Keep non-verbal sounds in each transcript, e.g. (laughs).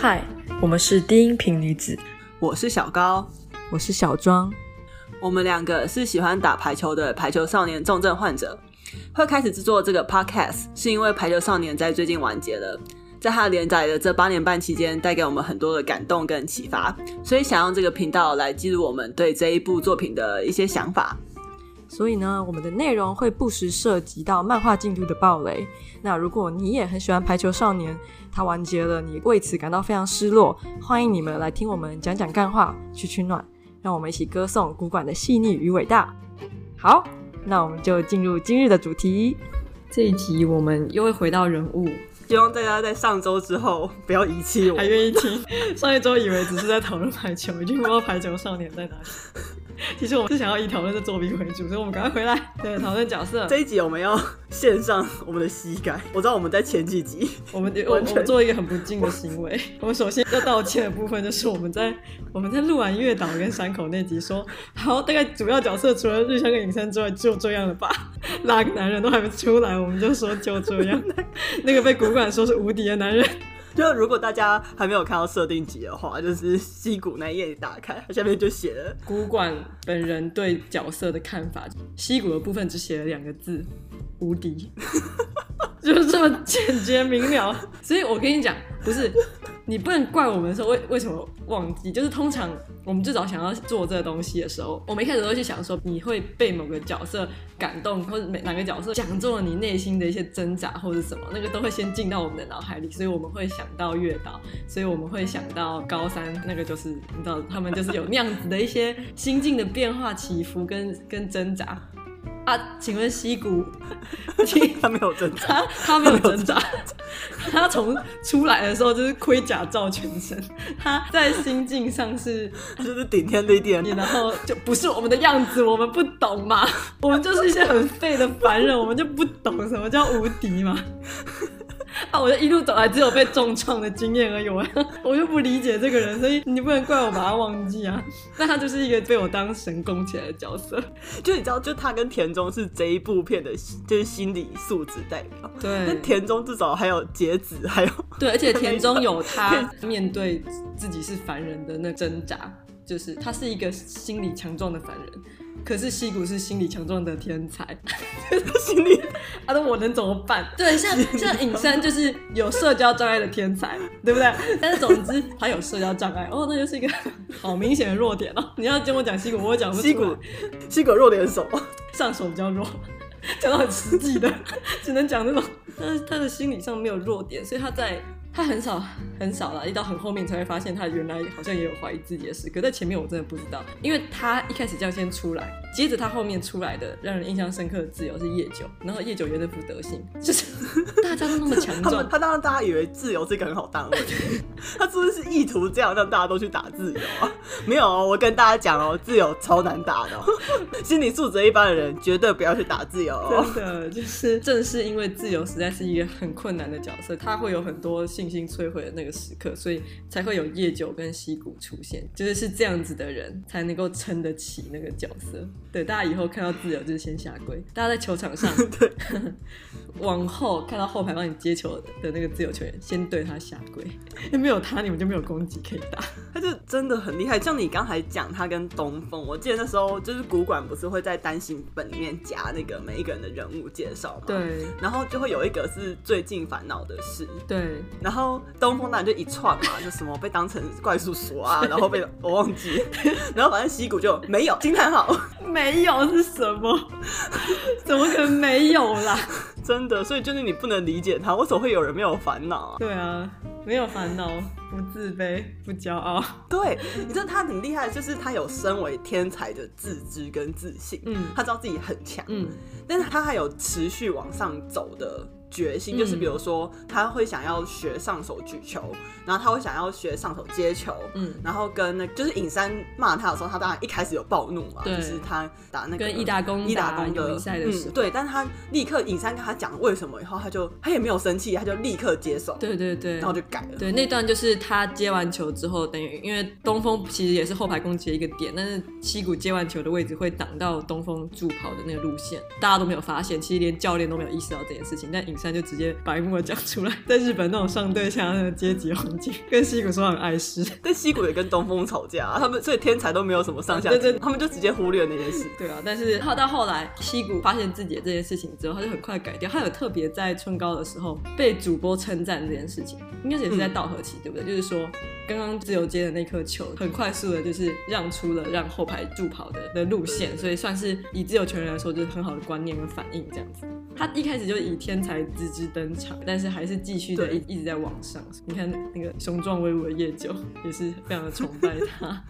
嗨，我們是低音頻女子，我是小高，我是小莊，我們兩個是喜歡打排球的排球少年重症患者。會開始製作這個 podcast 是因為《排球少年》在最近完結了，在他連載的這八年半期間，帶給我們很多的感動跟啟發，所以想用這個頻道來記錄我們對這一部作品的一些想法。所以呢，我們的內容會不時涉及到漫畫進度的暴雷。那如果你也很喜歡《排球少年》，他完結了，你為此感到非常失落，歡迎你們來聽我們講講幹話，去取暖，讓我們一起歌頌古館的細膩與偉大。好，那我們就進入今日的主題。這一集我們又會回到人物，希望大家在上週之後不要遺棄我。還願意聽？上一週以為只是在討論排球，已經不知道《排球少年》在哪裡。其實我們是想要以討論這作品為主，所以我們趕快回來。對，討論角色。這一集我們要獻上我們的膝蓋。我知道我們在前幾集，我們我我們做一個很不敬的行為。我，我們首先要道歉的部分就是我們在我們在錄完月島跟山口那集說，好，大概主要角色除了日向跟影山之外就這樣了吧。辣個男人都還沒出來，我們就說就這樣。那個被古館說是無敵的男人。就如果大家還沒有看到設定集的話，就是西谷那一頁打開，下面就寫了古舘本人對角色的看法。西谷的部分只寫了兩個字：無敵， (laughs) 就這麼簡潔明了。所以我跟你講，不是。 (laughs) 你不能怪我們說為為什麼忘記，就是通常我們最早想要做這個東西的時候，我們一開始都會去想說你會被某個角色感動，或者每哪個角色講中了你內心的一些掙扎或者什麼，那個都會先進到我們的腦海裡，所以我們會想到月島，所以我們會想到高三，那個就是你知道他們就是有那樣子的一些心境的變化起伏跟跟掙扎。他、啊、請問西谷，他沒有掙扎，他沒有掙扎，他從出來的時候就是盔甲罩全身，他在心境上是，就是頂天立地，然後就不是我們的樣子，我們不懂嘛，我們就是一些很廢的凡人，我們就不懂什麼叫無敵嘛。啊，我就一路走來只有被重創的經驗而已，我就不理解這個人，所以你不能怪我把他忘記啊。那他就是一個被我當神供起來的角色，就你知道，就他跟田中是這一部片的，就是心理素質代表。對，那田中至少還有潔子還有，對，而且田中有他面對自己是凡人的那掙扎，就是他是一個心理強壯的凡人。可是西谷是心理強壯的天才， (laughs) (laughs) 心理，他、啊、說我能怎麼辦？對，像像影山就是有社交障礙的天才，對不對？ (laughs) 但是總之他有社交障礙，哦，那就是一個好明顯的弱點哦，你要跟我講西谷，我會講西谷，西谷弱點是什麼？ (laughs) 上手比較弱，講到很實際的，只能講這種。但是他的心理上沒有弱點，所以他在。他很少很少啦，一到很後面才會發現他原來好像也有懷疑自己的事。可在前面我真的不知道，因為他一開始就要先出來。接着他後面出來的讓人印象深刻的自由是夜久，然後夜久爺那副德性，就是大家都那麼強壯， (laughs) 他當然大家以為自由是一個很好當的。 (laughs) 他真是，是意圖這樣讓大家都去打自由啊？沒有、哦，我跟大家講哦，自由超難打的、哦， (laughs) 心理素質一般的人絕對不要去打自由、哦。真的就是正是因為自由實在是一個很困難的角色，他會有很多信心摧毀的那個時刻，所以才會有夜久跟西谷出現，就是是這樣子的人才能夠撐得起那個角色。對，大家以後看到自由就是先下跪。大家在球場上， (laughs) 對往後看到後排幫你接球的那個自由球員，先對他下跪。因為沒有他，你們就沒有攻擊可以打。他就真的很厲害。像你剛才講，他跟東風，我記得那時候就是古館不是會在單行本裡面夾那個每一個人的人物介紹嘛？對。然後就會有一個是最近煩惱的事。對。然後東風當然就一串嘛，就什麼被當成怪叔叔啊，然後被我忘記。 (laughs) 然後反正西谷就沒有驚嘆號。沒有是什麼？怎麼可能沒有啦？ (laughs) 真的，所以就是你不能理解他，為什麼會有人沒有煩惱啊？對啊，沒有煩惱，不自卑，不驕傲。對、嗯，你知道他很厲害，就是他有身為天才的自知跟自信。嗯，他知道自己很強。嗯，但是他還有持續往上走的，決心就是，比如說他會想要學上手舉球，然後他會想要學上手接球，嗯，然後跟那個，就是影山罵他的時候，他當然一開始有暴怒嘛，就是他打那個跟伊達工伊達工的比賽的時候，嗯，對，但他立刻影山跟他講為什麼，然後他就他也沒有生氣，他就立刻接手。對對對，然後就改了，對，那段就是他接完球之後，等於因為東峰其實也是後排攻擊的一個點，但是西谷接完球的位置會擋到東峰助跑的那個路線，大家都沒有發現，其實連教練都沒有意識到這件事情，但影山就直接白目講出來，在日本那種上對下的階級環境，跟西谷說很礙事， (laughs) 但西谷也跟東風吵架，啊，他們所以天才都沒有什麼上下，對對，他們就直接忽略了那件事。對啊，但是到後來西谷發現自己的這件事情之後，他就很快改掉。他有特別在春高的時候被主播稱讚這件事情，應該也是在稻荷崎對不對？就是說，剛剛自由街的那顆球很快速的，就是讓出了讓後排助跑的的路線，所以算是以自由球員來說就是很好的觀念跟反應這樣子。他一開始就是以天才。芝知登場，但是還是繼續在一直在往上。你看那個雄壯威武的夜久，也是非常的崇拜他 (laughs) (laughs)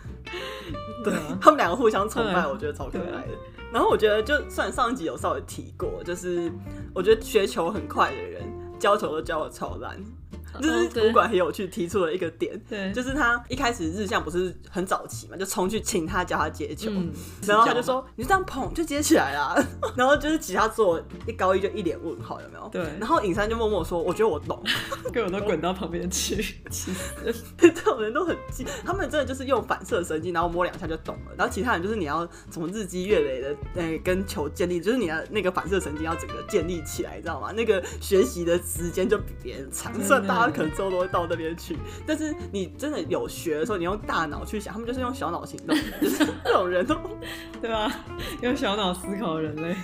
(laughs) (laughs) 對、啊。對，他們兩個互相崇拜，啊、我覺得超可愛的、啊。然後我覺得就算上一集有稍微提過，就是我覺得學球很快的人，教球都教的超爛。就是主管很有趣提出了一個點，就是他一開始日向不是很早期嘛，就衝去請他教他接球，然後他就說：“你就這樣捧，就接起來了。”然後就是其他組一高一就一臉問號，有沒有？對。然後影山就默默說：“我覺得我懂。 (laughs) ”跟我都滾到旁邊去 (laughs) (laughs) 這種人都很賤。他們真的就是用反射神經，然後摸兩下就懂了。然後其他人就是你要從日積月累的，呃，跟球建立，就是你的那個反射神經要整個建立起來，你知道嗎？那個學習的時間就比別人長，算大。他可能之後都會到那邊去，但是你真的有學的時候，你用大腦去想，他們就是用小腦行動，就是這種人都，喔， (laughs) 對吧？用小腦思考人類，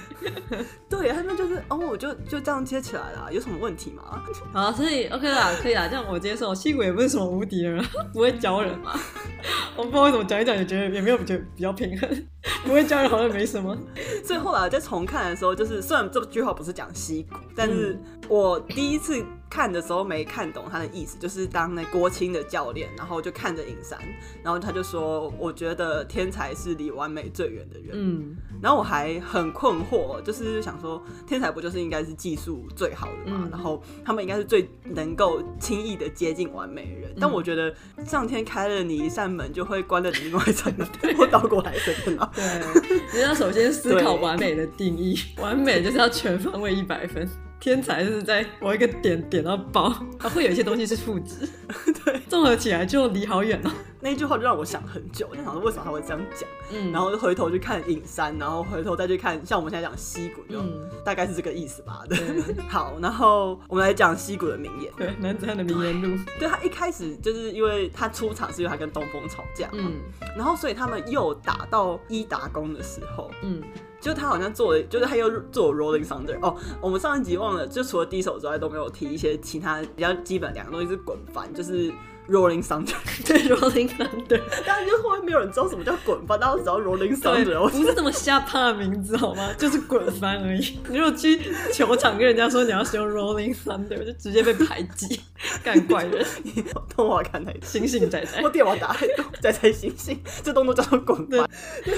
對，他們就是，哦，我就就這樣接起來了，有什麼問題嗎？好，所以 OK 啦，可以啦，這樣我接受，西谷也不是什麼無敵人，不會教人嘛， (laughs) 我不知道為什麼講一講也覺得也沒有覺得比較平衡。 (laughs) 不會教人好像沒什麼，所以後來再重看的時候，就是雖然這句話不是講西谷，但是我第一次看的時候沒看懂他的意思，就是當那郭青的教練，然後就看着影山，然後他就說：“我覺得天才是離完美最遠的人。”嗯，然後我還很困惑，就是想說，天才不就是應該是技術最好的嘛、嗯？然後他們應該是最能夠輕易的接近完美的人、嗯，但我覺得上天開了你一扇門，就會關了你另外一扇門 (laughs) 對， (laughs) 我倒過來的嗎 (laughs) (laughs) (laughs) 對，你要首先思考完美的定義。 (laughs) 完美就是要全方位一百分。天才是在某一個點點，點到爆，它、啊、會有一些東西是負值， (laughs) 對，綜合起來就離好遠那一句話，就讓我想很久，我在想為什麼他會這樣講，嗯，然後就回頭去看影山，然後回頭再去看，像我們現在講西谷就，就、嗯、大概是這個意思吧。對，嗯、好，然後我們來講西谷的名言，對，男子漢的名言錄，對，對他一開始就是因為他出場是因為他跟東峰吵架，嘛、嗯。然後所以他們又打到伊達工的時候，嗯。就他好像做了，就是他又做了 rolling thunder 哦。Oh, 我們上一集忘了，就除了低手之外都沒有提一些其他比較基本，兩個東西是滾翻，就是。就是 Rolling thunder，對，Rolling thunder。當然就後面沒有人知道什麼叫滾翻，大家只知道 Rolling thunder。不是這麼瞎趴的名字好嗎？ (laughs) 就是滾翻而已。你如果去球場跟人家說你要使用 Rolling thunder， (laughs) 就直接被排擠，幹 (laughs) 怪的。人。你你動畫看太多，星星摘，我電話打太多，在摘星星。這動作叫做滾翻。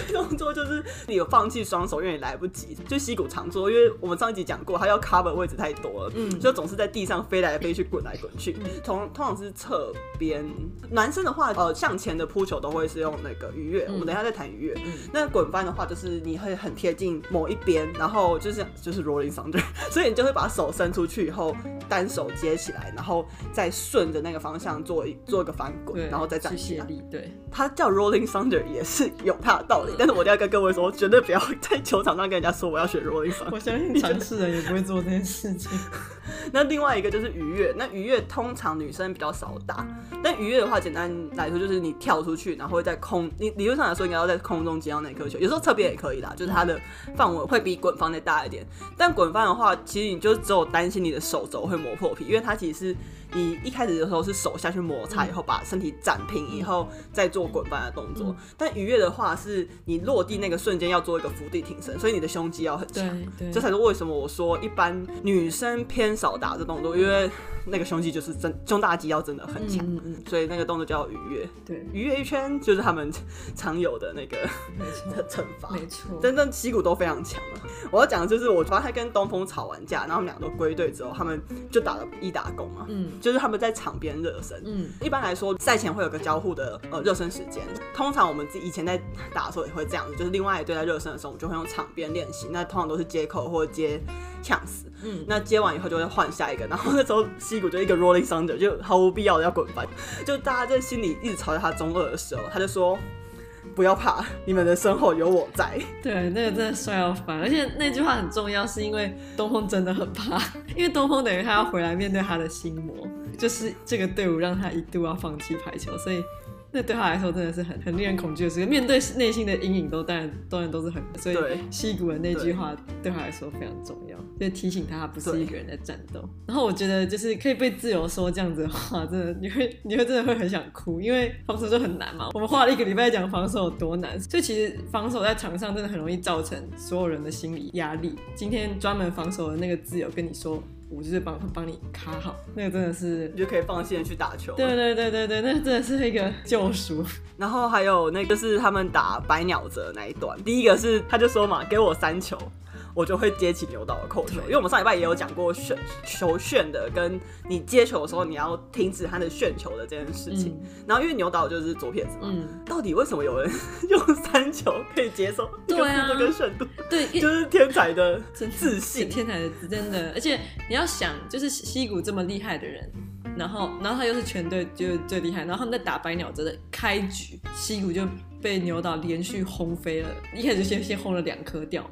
這動作就是你有放棄雙手，因為你來不及，就吸骨常做，因為我們上一集講過，它要 cover 位置太多了，嗯，所以總是在地上飛來飛去，滾來滾去。通、嗯、通常是側。邊男生的話，呃，向前的撲球都會是用那個魚躍、嗯。我們等一下再談魚躍。那滾翻的話，就是你會很貼近某一邊，然後就是就是 Rolling Thunder，所以你就會把手伸出去，以後單手接起來，然後再順着那個方向做一做一個翻滾、嗯，然後再展些力。對，他叫 Rolling Thunder 也是有他的道理。但是我要跟各位說，我絕對不要在球場上跟人家說我要學 Rolling Thunder。我相信當事人也不會做這件事情。 (laughs) 那另外一個就是魚躍，那魚躍通常女生比較少打。但魚躍的話，簡單來說就是你跳出去，然後會在空，你理論上來說應該要在空中接到那顆球，有時候側邊也可以啦，就是它的範圍會比滾翻再大一點。但滾翻的話，其實你就只有擔心你的手肘會磨破皮，因為它其實是。你一開始的時候是手下去摩擦，以後把身體展平，以後再做滾翻的動作。嗯、但魚躍的話，是你落地那個瞬間要做一個伏地挺身，所以你的胸肌要很強。這才是為什麼我說一般女生偏少打這動作，因為那個胸肌就是真胸大肌要真的很強。嗯，所以那個動作叫魚躍，對，魚躍一圈就是他們常有的那個懲罰。 (laughs) 沒錯，真正旗骨都非常強的、啊。我要講的就是我昨天跟東峰吵完架，然後他們倆都歸隊之後，他們就打了一打工啊。嗯。就是他們在場邊熱身。嗯，一般來說，賽前會有個交互的呃熱身時間。通常我們自己以前在打的時候也會這樣子，就是另外一隊在熱身的時候，我們就會用場邊練習。那通常都是接扣或者接嗆死。嗯，那接完以後就會換下一個。然後那時候西谷就一個 rolling thunder，就毫無必要的要滾翻，就大家在心裡一直嘲笑他中二的時候，他就說。不要怕，你們的身後有我在。對，那個真的帥到翻，而且那句話很重要，是因為東峰真的很怕，因為東峰等於他要回來面對他的心魔，就是這個隊伍讓他一度要放棄排球，所以。那對他來說真的是很很令人恐懼的事情。面對內心的陰影，都當然當然都是很，所以西谷的那句話對他來說非常重要，就是提醒他，他不是一個人在戰鬥。然後我覺得就是可以被自由說這樣子的話，真的你會你會真的會很想哭，因為防守就很難嘛。我們花了一個禮拜講防守有多難，所以其實防守在場上真的很容易造成所有人的心理壓力。今天專門防守的那個自由跟你說。我就是幫幫你卡好，那個真的是你就可以放心的去打球。對對對對對，那個真的是一個救贖。 (laughs) 然後還有那個、就是他們打白鳥澤那一段，第一個是他就說嘛，給我三球。我就會接起牛島的扣球，因為我們上禮拜也有講過旋球、旋的，跟你接球的時候你要停止他的旋球的這件事情。嗯、然後因為牛島就是左撇子嘛，嗯，到底為什麼有人用三球可以接收到這個旋、啊、度？對，就是天才的自信，真是天才的，真的。而且你要想，就是西谷這麼厲害的人，然後然後他又是全隊就最厲害，然後他們在打白鳥澤的開局，西谷就被牛島連續轟飛了，一開始先先轟了兩顆掉。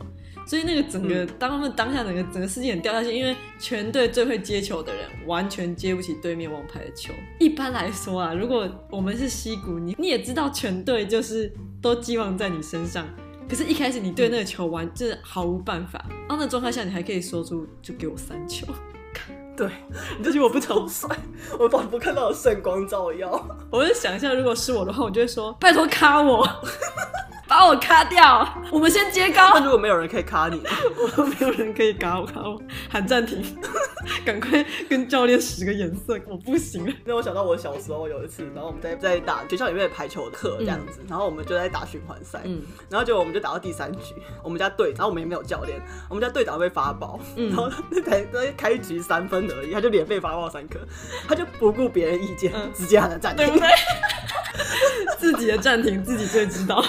所以那個整個，當他們當下整個整個世界很掉下去，因為全隊最會接球的人完全接不起對面王牌的球。一般來說啊，如果我們是西谷，你你也知道全隊就是都寄望在你身上，可是，一開始你對那個球完就是毫無辦法。然後那狀態下你還可以說出就給我三球，對，你都覺得我不醜帥，我仿佛看到了聖光照耀。我就想一下，如果是我的話，我就會說拜托卡我。把我卡掉，我們先接高。那如果沒有人可以卡你， (laughs) 我沒有人可以卡，我卡我喊暫停，趕 (laughs) 快跟教練使個顏色，我不行了。讓我想到我小時候有一次，然後我們在在打學校裡面的排球課這樣子，嗯，然後我們就在打循環賽，嗯，然後結果我們就打到第三局，我們家隊，然後我們也沒有教練，我們家隊長被發報，嗯、然後那才開開局三分而已，他就連被發報三顆，他就不顧別人意見，嗯、直接喊暫停，對不對？ (laughs) 自己的暫停 (laughs) 自己最知道。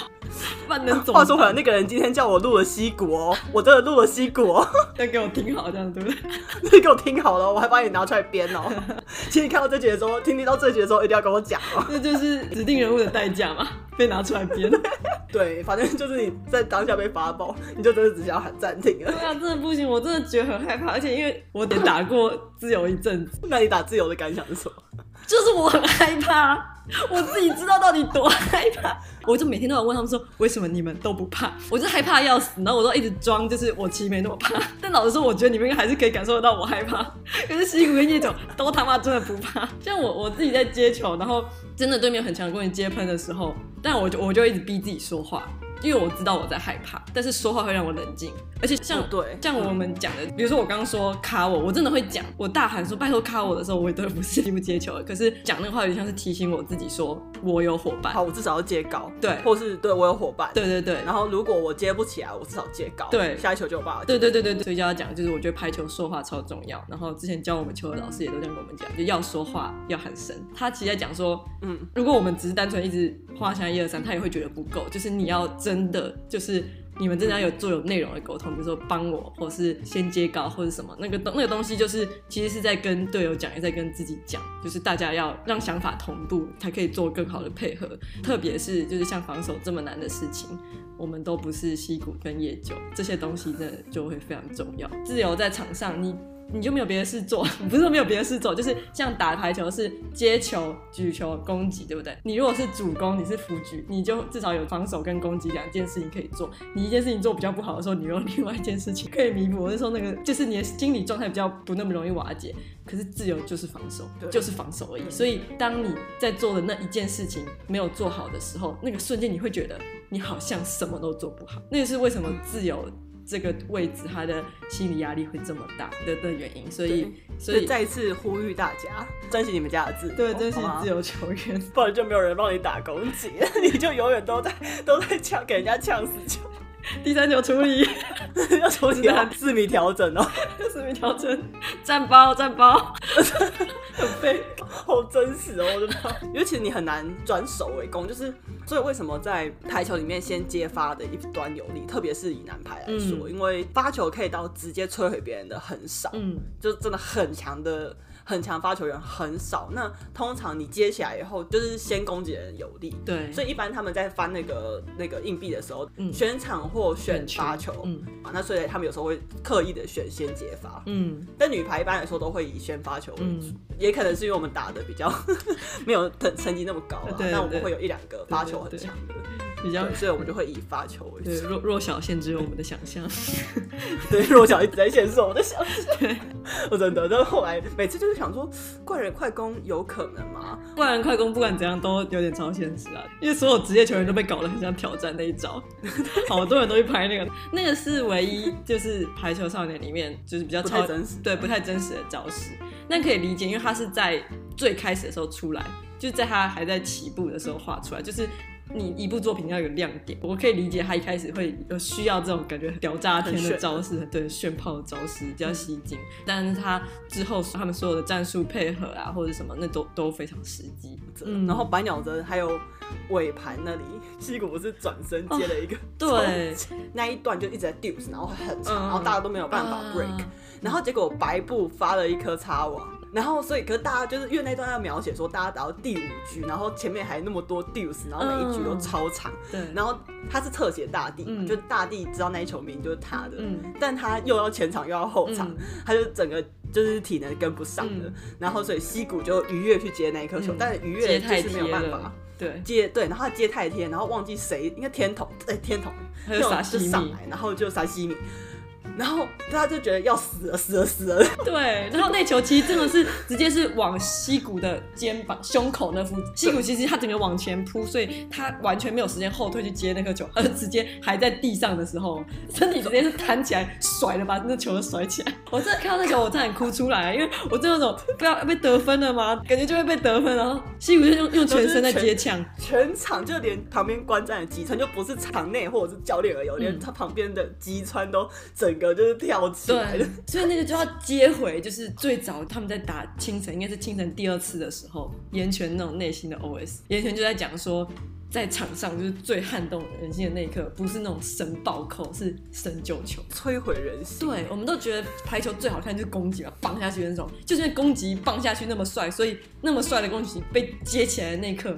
能話說回來，那個人今天叫我錄了西谷哦，我真的錄了西谷、哦。 (laughs) 要給我聽好，這樣對不對？你 (laughs) 給我聽好了，我還把你拿出來編哦。 (laughs) 其實看到這集的時候，聽，聽到這集的時候，一定要跟我講哦。 (laughs) (laughs) (laughs) 這就是指定人物的代價嘛， (laughs) 被拿出來編。對，反正就是你在當下被發爆，你就真的只想要喊暫停了。對啊，真的不行，我真的覺得很害怕，而且因為我得打過自由一陣子， (laughs) 那你打自由的感想是什麼？就是我很害怕，我自己知道到底多害怕，我就每天都要問他們說為什麼你們都不怕，我就害怕要死，然後我都一直裝就是我其實沒那麼怕，但老實說我覺得你們還是可以感受得到我害怕，可是西谷和夜久都他媽真的不怕，像我我自己在接球，然後真的對面很強跟你接噴的時候，但我就我就一直逼自己說話。因為我知道我在害怕，但是說話會讓我冷靜，而且像、哦、對，像我們講的、嗯，比如說我剛剛說卡我，我真的會講，我大喊說拜託卡我的時候，我也都不是不接球的，可是講那個話有點像是提醒我自己說，說我有夥伴，好，我至少要接高，對，或是對我有夥伴，對對對，然後如果我接不起來，我至少接高，對，下一球就罷了，對，對對對對，所以就要講，就是我覺得排球說話超重要。然後之前教我們球的老師也都這樣跟我們講，就要說話，要喊聲。他其實在講說，嗯，如果我們只是單純一直。畫下一二三，他也會覺得不夠。就是你要真的，就是你們真的要有做有內容的溝通，比如說幫我，或是先接稿，或者什麼那個那個東西，就是其實是在跟隊友講，也在跟自己講，就是大家要讓想法同步，才可以做更好的配合。特別是就是像防守這麼難的事情，我們都不是西谷跟夜久，這些東西真的就會非常重要。自由在場上，你。你就沒有別的事做，不是說沒有別的事做，就是像打排球是接球、舉球、攻擊，對不對？你如果是主攻，你是輔舉，你就至少有防守跟攻擊兩件事情可以做。你一件事情做比較不好的時候，你用另外一件事情可以彌補。我那時候那個就是你的心理狀態比較不那麼容易瓦解。可是自由就是防守，對，就是防守而已。所以當你在做的那一件事情沒有做好的時候，那個瞬間你會覺得你好像什麼都做不好。那是為什麼自由，這個位置他的心理壓力會這麼大的的原因，所以所以再次呼籲大家珍惜你們家的字，對，珍惜自由球員、哦哦啊，不然就沒有人幫你打攻擊， (laughs) (laughs) 你就永遠都在都在嗆給人家嗆死球。第三球處理， (laughs) 要重新跟他四米調整哦、喔，四 (laughs) 米調調整，站包站包，很 (laughs) 背，好真實哦、喔，真的， (laughs) 因為其實你很難轉守為攻，就是所以為什麼在排球裡面先接發的一端有利，特別是以男排來說、嗯，因為發球可以到直接摧毀別人的很少，嗯，就真的很強的。很強發球員很少，那通常你接起來以後就是先攻擊人有利，對，所以一般他們在翻那個那個硬幣的時候，選、嗯、場或選發球，嗯啊，那所以他們有時候會刻意的選先接發，嗯，但女排一般來說都會以先發球為主、嗯，也可能是因為我們打得比較呵呵沒有等成績那麼高了、啊，那我們會有一兩個發球很強的。對對對比較，所以我們就會以發球為主。弱弱小限制了我們的想象。對， (laughs) 對，弱小一直在限制我們的想象。 (laughs) 對 (laughs) 我真的。但是後來每次就是想說，怪人快攻有可能嗎？怪人快攻不管怎樣都有點超現實啊，因為所有職業球員都被搞得很想挑戰那一招，好多人都去拍那個。 (laughs) 那個是唯一就是排球少年裡面就是比較超真實，對，不太真實的招式。那可以理解，因為他是在最開始的時候出來，就是、在他還在起步的時候畫出來，就是。你一部作品要有亮點，我可以理解他一開始會有需要這種感覺很屌炸天的招式，對，炫炮的招式比較吸睛，嗯，但是他之後他們所有的戰術配合啊，或者什麼，那都都非常實際。嗯，然後白鳥澤還有。尾盤那裡，西谷是轉身接了一個，哦、對，那一段就一直在 deuce，然後很長，嗯、然後大家都沒有辦法 break、嗯、然後結果白布發了一顆擦網，然後所以，可是大家就是因為那一段要描寫說，大家打到第五局，然後前面還那麼多 deuce，然後每一局都超長，對、嗯，然後他是特寫大地嘛、嗯，就大地知道那一球名就是他的、嗯，但他又要前場又要後場、嗯，他就整個就是體能跟不上了，嗯、然後所以西谷就魚躍去接那一顆球，嗯、但魚躍就是沒有辦法。對接對，然後接太天，然後忘記誰應該天童對、欸，天童，他就就上來，然後就撒西米。然後他就覺得要死了，死了，死了。對，然後那球其實真的是直接是往西谷的肩膀、胸口那附近。西谷其實他整個往前撲，所以他完全沒有時間後退去接那個球，而直接還在地上的時候，身體直接是彈起來甩吧，甩了把那球都甩起來。我真的看到那個，我差點哭出來，啊，因為我真的那種不知道被得分了嗎？感覺就會被得分，然後西谷就用用全身在接搶，全場就連旁邊觀戰的吉川，就不是場內或者是教練而已，有連他旁邊的吉川都整個、嗯。就是跳起來，對，所以那個就要接回。就是最早他們在打青城，應該是青城第二次的時候，岩泉那種內心的 OS，岩泉就在講說，在場上就是最撼動人心的那一刻，不是那種神暴扣，是神救球，摧毀人心。對，我們都覺得排球最好看就是攻擊嘛，放下去那種，就是攻擊放下去那麼帥，所以那麼帥的攻擊被接起來的那一刻，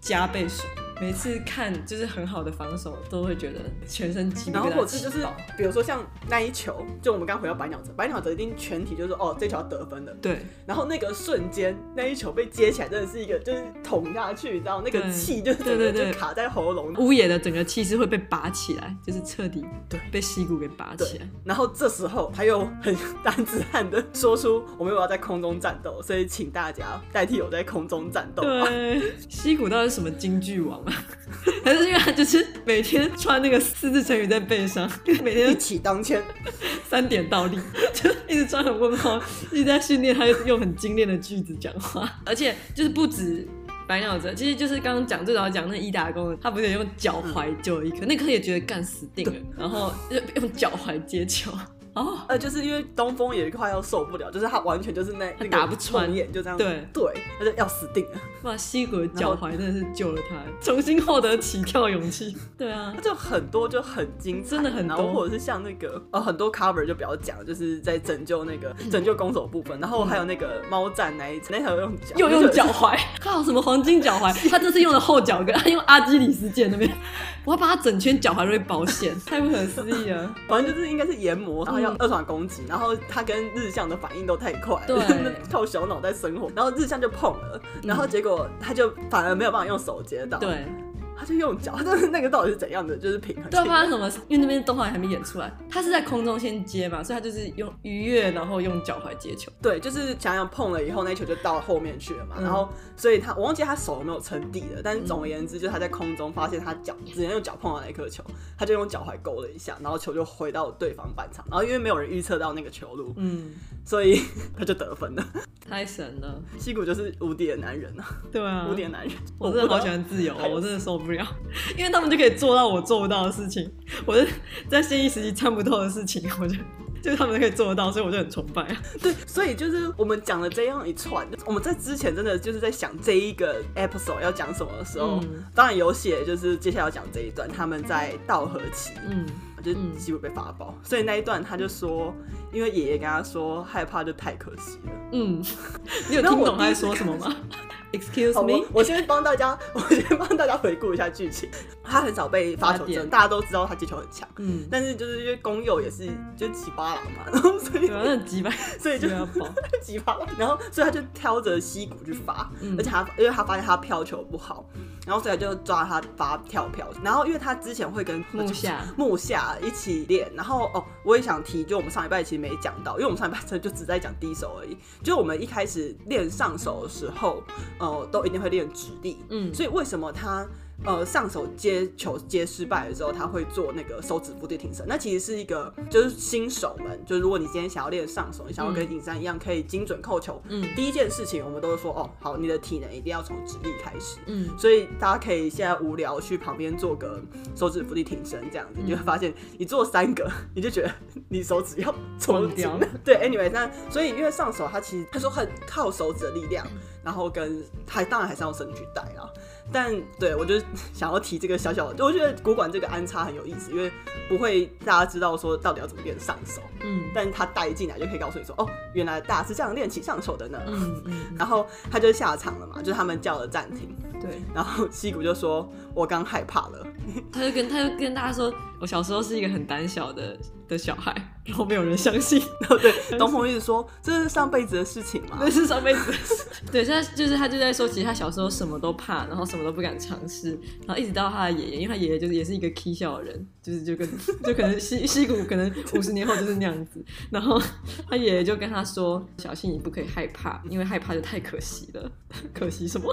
加倍爽。每次看就是很好的防守，都會覺得全身肌肉然後火這就是，比如說像那一球，就我們剛回到白鳥澤，白鳥澤一定全體就是哦，這球要得分的。對。然後那個瞬間，那一球被接起來，真的是一個就是捅下去，然後那個氣就是、對，對，對對，就卡在喉嚨。烏野的整個氣勢會被拔起來，就是徹底對被西谷給拔起來。然後這時候他又很男子漢的說出，我們又要在空中戰鬥，所以請大家代替我在空中戰鬥。對。西、啊、谷到底是什麼金句王、啊？ (laughs) 還是因為他就是每天穿那個四字成語在背上，每天一起當千， (laughs) 三點倒立，就一直穿很溫和， (laughs) 一直在訓練他又用很精煉的句子講話。 (laughs) 而且就是不止白鳥澤，其實就是剛剛講最早講那伊達工的，他不是用腳踝救了一顆，那顆也覺得幹死定了，然後用用腳踝接球。Oh. 呃，就是因為東峰也快要受不了，就是他完全就是那打不穿眼、那個、就這樣，對對，他就要死定了。哇，西谷的腳踝真的是救了他，重新獲得起跳勇氣。對啊，他就很多就很精，真的很難。或者是像那個呃、哦、很多 cover 就比較講，就是在拯救那個、嗯、拯救攻守部分，然後還有那個貓戰那一次那條用腳又用腳踝靠什麼黃金腳踝，他這次用的後腳跟， (laughs) 用阿基里斯腱那邊，我要把他整圈腳踝都保險， (laughs) 太不可思議了。反正就是應該是研磨。二團攻擊，然後他跟日向的反應都太快了，對 (laughs) 靠小腦袋生活，然後日向就碰了，嗯，然後結果他就反而沒有辦法用手接到。對。他就用腳，就是那個到底是怎樣的，就是平衡。對，發生什麼？因為那邊動畫還沒演出來，他是在空中先接嘛，所以他就是用魚躍，然後用腳踝接球。對，就是想想碰了以後，那球就到後面去了嘛。嗯、然後，所以他我忘記他手有沒有撐地了，但是總而言之，嗯、就是他在空中發現他腳之前用腳碰到那顆球，他就用腳踝勾了一下，然後球就回到對方半場。然後因為沒有人預測到那個球路，嗯，所以他就得分了。太神了，西谷就是無敵的男人啊！對啊，無敵的男人。我真的好喜歡自由、哦， (laughs) 我真的受不了。不要，因為他們就可以做到我做不到的事情，我是在現一時期參不透的事情，我就就他們就可以做得到，所以我就很崇拜。對，所以就是我們講了這樣一串，我們在之前真的就是在想這一個 episode 要講什麼的時候，嗯、當然有寫就是接下來要講這一段他們在稻荷崎，嗯，我就幾乎被發爆、嗯、所以那一段他就說，因為爺爺跟他說害怕就太可惜了，嗯， (laughs) 你有聽懂他在說什麼嗎？ (laughs) Excuse me，好，我，我先幫大家，我先幫大家回顧一下劇情。他很少被發球證，大家都知道他接球很強。嗯，但是就是因為工友也是就奇、是、葩嘛，然後所以、嗯、很巴 (laughs) 所以就奇葩， (laughs) 然後所以他就挑着西谷去發、嗯，而且他因為他發現他飄球不好，然後所以他就抓他發跳飄。然後因為他之前會跟木下木下一起練，然後哦，我也想提，就我們上禮拜其實沒講到，因為我們上禮拜真的就只在講低手而已。就我們一開始練上手的時候，呃，都一定會練直立。嗯，所以為什麼他？呃，上手接球接失敗了之後他會做那個手指伏地挺身。那其實是一個，就是新手們，就是如果你今天想要練上手，你想要跟影山一樣可以精準扣球，嗯，第一件事情我們都是說，哦，好，你的體能一定要從指力開始，嗯，所以大家可以現在無聊去旁邊做個手指伏地挺身，這樣子，嗯、你就會發現你做三個，你就覺得你手指要抽筋 (laughs) 對，Anyway 那所以因為上手他其實他說很靠手指的力量，然後跟他當然還是要身體去帶啦。但對我就是想要提這個小小的，我覺得古舘這個安插很有意思，因為不會大家知道說到底要怎麼練上手，嗯，但他帶進來就可以告訴你說，哦，原來大家是這樣練起上手的呢、嗯嗯，然後他就下場了嘛，就是他們叫了暫停，嗯、對，然後西谷就說，我剛害怕了。他就跟他就跟大家說，我小時候是一個很膽小的的小孩，然後沒有人相信。然後對，東峰一直說這是上輩子的事情嘛，那是上輩子的。 (laughs) 對，現在就是他就在說，其實他小時候什麼都怕，然後什麼都不敢嘗試，然後一直到他的爺爺，因為他爺爺就是也是一個 key 笑的人，就是就跟就可能西 (laughs) 西谷可能五十年後就是那樣子。然後他爺爺就跟他說：“小新你不可以害怕，因為害怕就太可惜了，可惜什麼？”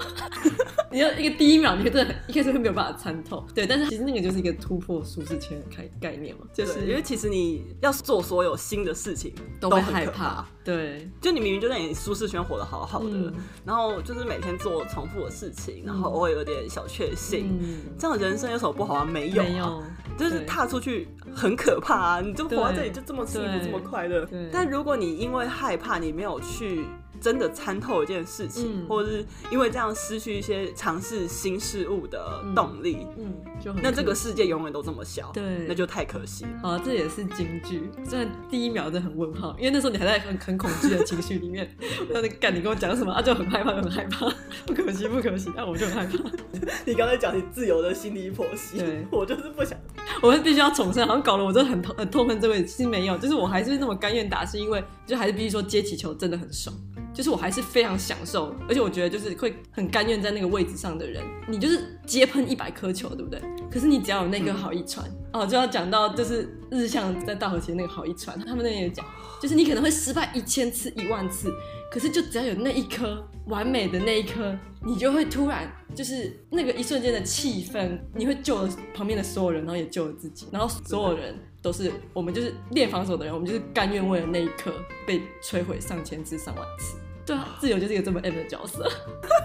(laughs) 你要一個第一秒，你真的一開始會沒有辦法參透。對，但是其實那個就是一個突破舒適圈的概概念嘛，就是因為其實你要做所有新的事情都，都很可怕。對，就你明明就在你舒適圈活得好好的、嗯，然後就是每天做重複的事情，然後偶爾有點小確幸、嗯，這樣人生有什麼不好啊？、嗯、沒有啊，沒有，就是踏出去很可怕、啊。你就活在這裡，就這麼幸福，這麼快樂。但如果你因為害怕，你沒有去。真的參透一件事情，嗯、或者是因為這樣失去一些嘗試新事物的動力，嗯，嗯就很那這個世界永遠都這麼小，對，那就太可惜了。好，這也是金句，真的第一秒就很問號，因為那時候你還在很很恐懼的情緒裡面，在那幹，你跟我講什麼啊？就很害怕，很害怕，不可惜，不可惜，那、 (laughs) 啊、我就很害怕。 (laughs) 你剛才講你自由的心理剖析，我就是不想，我是必須要重申，好像搞得我真的很很痛恨這位是沒用。就是我還是那麼甘願打，是因為就還是必須說接起球真的很爽。就是我還是非常享受，而且我覺得就是會很甘願在那個位置上的人，你就是接噴一百顆球，對不對？可是你只要有那顆好一傳、嗯，哦，就要講到就是日向在大河前那個好一傳，他們那邊講，就是你可能會失敗一千次、一萬次，可是就只要有那一顆完美的那一顆，你就會突然就是那個一瞬間的氣氛，你會救了旁邊的所有人，然後也救了自己，然後所有人都是，是我們就是練防守的人，我們就是甘願為了那一顆被摧毀上千次、上萬次。對啊，自由就是一個這麼 M 的角色，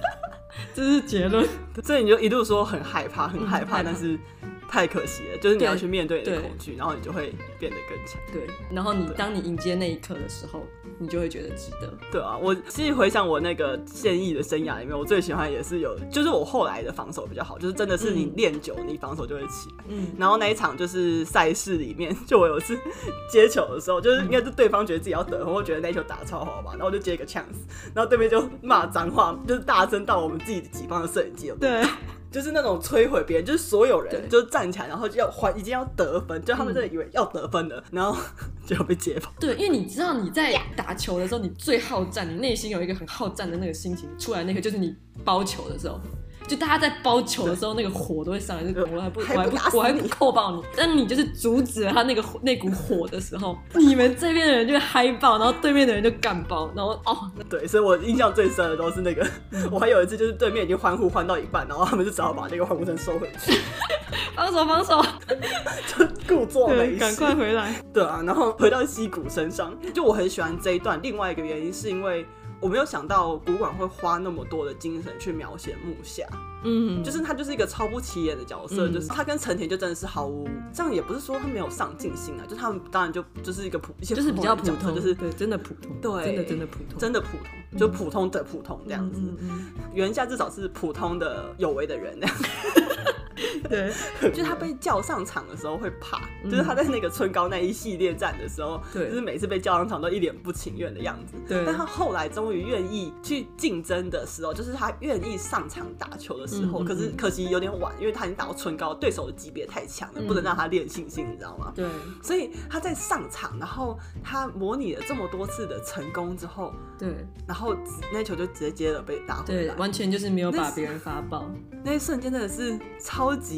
(laughs) 這是結論。 (laughs) 所以你就一度說很害怕，很害怕，嗯、害怕，但是，太可惜了，就是你要去面對你的恐懼，然後你就會變得更強。對，然後你當你迎接那一刻的時候，啊、你就會覺得值得。對啊，我其實回想我那個現役的生涯裡面，我最喜歡也是有，就是我後來的防守比較好，就是真的是你練久、嗯，你防守就會起來。嗯，然後那一場就是賽事裡面，就我有一次接球的時候，就是應該是對方覺得自己要得分，或我覺得那球打超好吧，好不好，然後我就接一個 Chance，然後對面就罵髒話，就是大聲到我們自己的己方的攝影機，對。就是那種摧毀別人，就是所有人就是站起來，然後就要還，已經要得分，就他們這裡以為要得分了，嗯，然後就要被解放。對，因為你知道你在打球的時候，你最好戰，你內心有一個很好戰的那個心情，出來那個就是你包球的時候。就大家在包球的時候，那個火都會上來，就是我還，還我還不，我還不，我還扣爆你。但你就是阻止了他那個那股火的時候， (laughs) 你們這邊的人就會嗨爆，然後對面的人就幹爆，然後哦，對，所以我印象最深的都是那個。我還有一次就是對面已經歡呼歡到一半，然後他們就只好把那個歡呼聲收回去， (laughs) 放手放手， (laughs) 就故作沒事，趕快回來。對啊，然後回到西谷身上，就我很喜歡這一段。另外一個原因是因為。我沒有想到古館會花那麼多的精神去描寫木下，嗯，嗯，就是他就是一個超不起眼的角色，嗯、就是他跟成田就真的是毫無這樣，也不是說他沒有上進心啊，就他們當然就就是一個普，一些普，就是比較普通，就是對，真的普通，對，真的真的普通，真的普通，嗯，就普通的普通這樣子，嗯嗯嗯，原下至少是普通的有為的人那樣子。 (laughs) 對， (laughs) 就他被叫上場的時候會怕、嗯，就是他在那個春高那一系列戰的時候，對，就是每次被叫上場都一臉不情願的樣子。對，但他後來終於願意去競爭的時候，就是他願意上場打球的時候、嗯。可是可惜有點晚，因為他已經打到春高，對手的級別太強了、嗯，不能讓他練信心，你知道嗎？對。所以他在上場，然後他模擬了這麼多次的成功之後，對，然後那球就直接接的被打回來，對，完全就是沒有把別人發爆。那一瞬間真的是超級。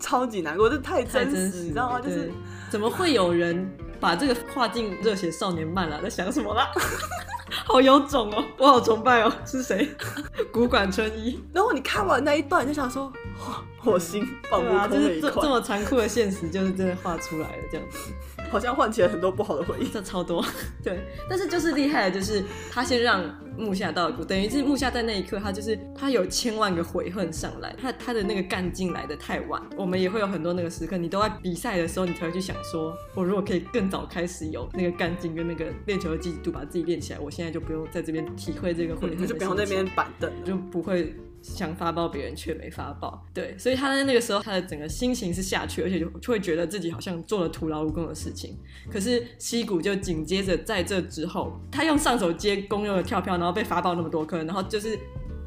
超級難過，這太真實，你知道嗎？就是怎麼會有人把這個畫進熱血少年漫了？啊，在想什麼啦？ (laughs) 好有種哦，我好崇拜哦！是誰？ (laughs) 古舘春一。然後你看完那一段，就想說，火星保護科的這一塊就是 (laughs) 這麼殘酷的現實，就是真的畫出來了這樣子。好像喚起了很多不好的回憶，這超多。對，但是就是厲害的，就是他先讓木下道了，等於是木下在那一刻，他就是他有千萬個悔恨上來，他他的那個幹勁來的太晚。我們也會有很多那個時刻，你都在比賽的時候，你才會去想說，我如果可以更早開始有那個幹勁跟那個練球的積極度，把自己練起來，我現在就不用在這邊體會這個悔恨，嗯，就不用那邊板凳了，就不會。想發包別人卻沒發包，對，所以他在那個時候，他的整個心情是下去，而且就會覺得自己好像做了徒勞無功的事情。可是西谷就緊接着在這之後，他用上手接公用的跳票，然後被發包那麼多顆，然後就是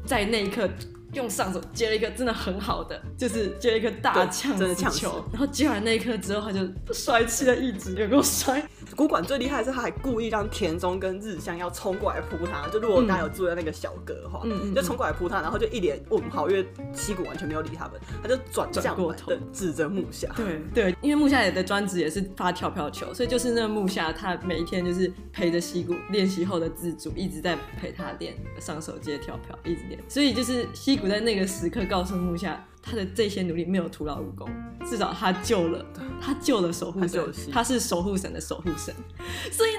在那一刻，用上手接了一個真的很好的，就是接了一個大強球，然後接完那一刻之後，他就帥氣 (laughs) 的一直有沒有摔。古館最厲害的是，他還故意讓田中跟日向要衝過來撲他，就如果大家有住在那個小閣的話，嗯、就衝過來撲他，然後就一臉問號，因為西谷完全沒有理他們，他就轉轉過頭指着木下。對對，因為木下也的專職也是發跳票球，所以就是那個木下他每一天就是陪着西谷練習後的自主，一直在陪他練上手接跳票，一直練，所以就是西。我在那個時刻告訴木下，他的這些努力沒有徒勞無功，至少他救了，他救了守護神。他，對對對，他是守護神的守護神，所以。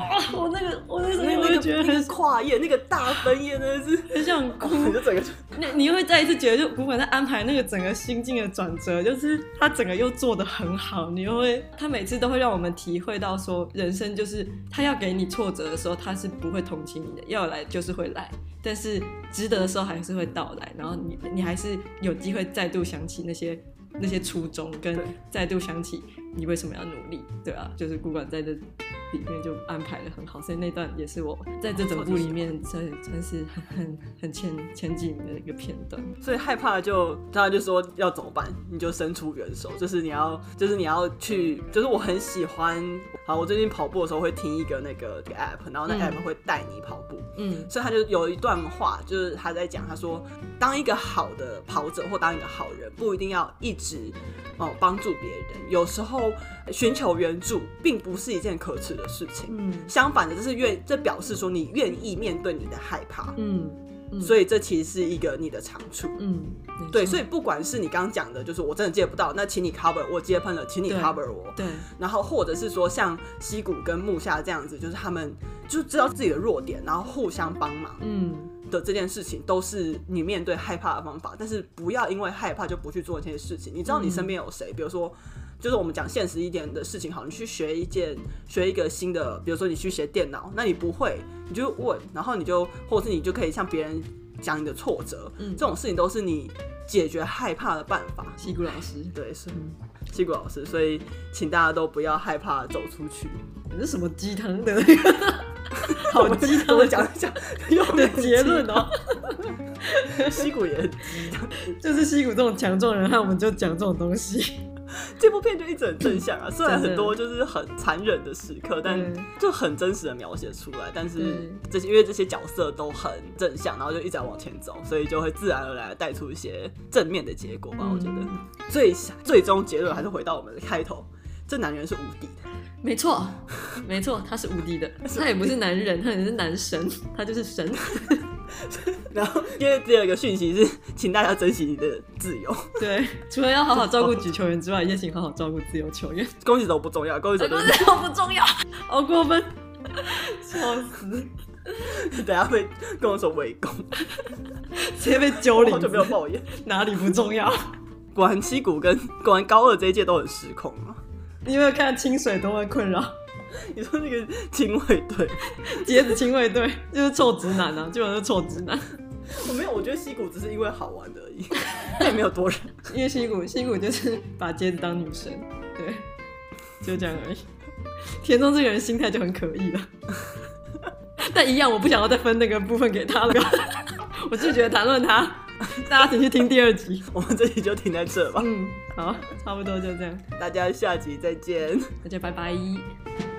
啊、哦！我那個，我那個，我覺得很那個跨頁，那個大分頁，真的是很想哭。 (laughs) 你就整個，你你會再一次覺得，就古館他安排那個整個心境的轉折，就是他整個又做得很好。你又會，他每次都會讓我們體會到，說人生就是他要給你挫折的時候，他是不會同情你的，要來就是會來，但是值得的時候還是會到來。然後你，你還是有機會再度想起那些那些初衷，跟再度想起。你為什麼要努力？對啊，就是顧管在這裡面就安排得很好，所以那段也是我在這整部裡面算，嗯，是很，就是，是很很前前幾年的一個片段。所以害怕就，他就說要怎麼辦？你就伸出援手，就是你要，就是你要去，嗯、就是我很喜歡。好，我最近跑步的時候會聽一個那個這個 app，然後那個 app 會帶你跑步。嗯，所以他就有一段話，就是他在講，他說當一個好的跑者或當一個好人，不一定要一直哦幫助別人，有時候。尋求援助並不是一件可恥的事情，嗯、相反的，就是願，這表示說你願意面對你的害怕嗯，嗯，所以這其實是一個你的長處，嗯，對，所以不管是你剛剛講的，就是我真的接不到，那請你 cover，我接噴了，請你 cover 我對，對，然後或者是說像西谷跟木下這樣子，就是他們就知道自己的弱點，然後互相幫忙，嗯。的這件事情都是你面對害怕的方法，但是不要因為害怕就不去做這些事情。你知道你身邊有誰，比如說，就是我們講現實一點的事情，好，你去學一件學一個新的，比如說你去學電腦，那你不會，你就問，然後你就，或者是你就可以向別人。講你的挫折，嗯，這種事情都是你解決害怕的辦法。西谷老師，對，是、嗯、西谷老師，所以請大家都不要害怕走出去。你、欸、是什麼雞湯的？好雞湯的講講用的結論哦。 (laughs) 西谷也是雞湯，就是西谷這種強壯人，那我們就講這種東西。這部片就一直很正向啊，雖然很多就是很殘忍的時刻，但就很真實的描寫出來。但是這些因為這些角色都很正向，然後就一直往前走，所以就會自然而然帶出一些正面的結果吧。我覺得最最終結論還是回到我們的開頭。這男人是無敵的，沒錯，沒錯，他是無敵的。他，他也不是男人，他也是男神，他就是神。 (laughs) 然後因為只有一個訊息是，請大家珍惜你的自由。對，除了要好好照顧舉球員之外，哦、也請好好照顧自由球員。攻擊手不重要，攻擊手不、哎、不 (laughs) 都不重要，好過分，笑死！ (laughs) 等下被攻擊手圍攻，直接被揪臉。好 (laughs) 久沒有暴言。哪裡不重要？ (laughs) 果然西谷跟果然高二這一屆都很失控啊。你有沒有看清水都會困擾？你說那個親衛隊，潔子親衛隊就是臭直男啊。基本上是臭直男。我沒有，我覺得西谷只是因為好玩的而已， (laughs) 他也沒有多人。因為西谷，西谷就是把潔子當女神，對，就這樣而已。田中這個人心態就很可疑了，但一樣，我不想要再分那個部分給他了。我拒絕談論他。 (laughs) 大家請去聽第二集， (laughs) 我們這集就停在這吧。 (laughs) 嗯，好，差不多就這樣， (laughs) 大家下集再見，大 (laughs) 家拜拜。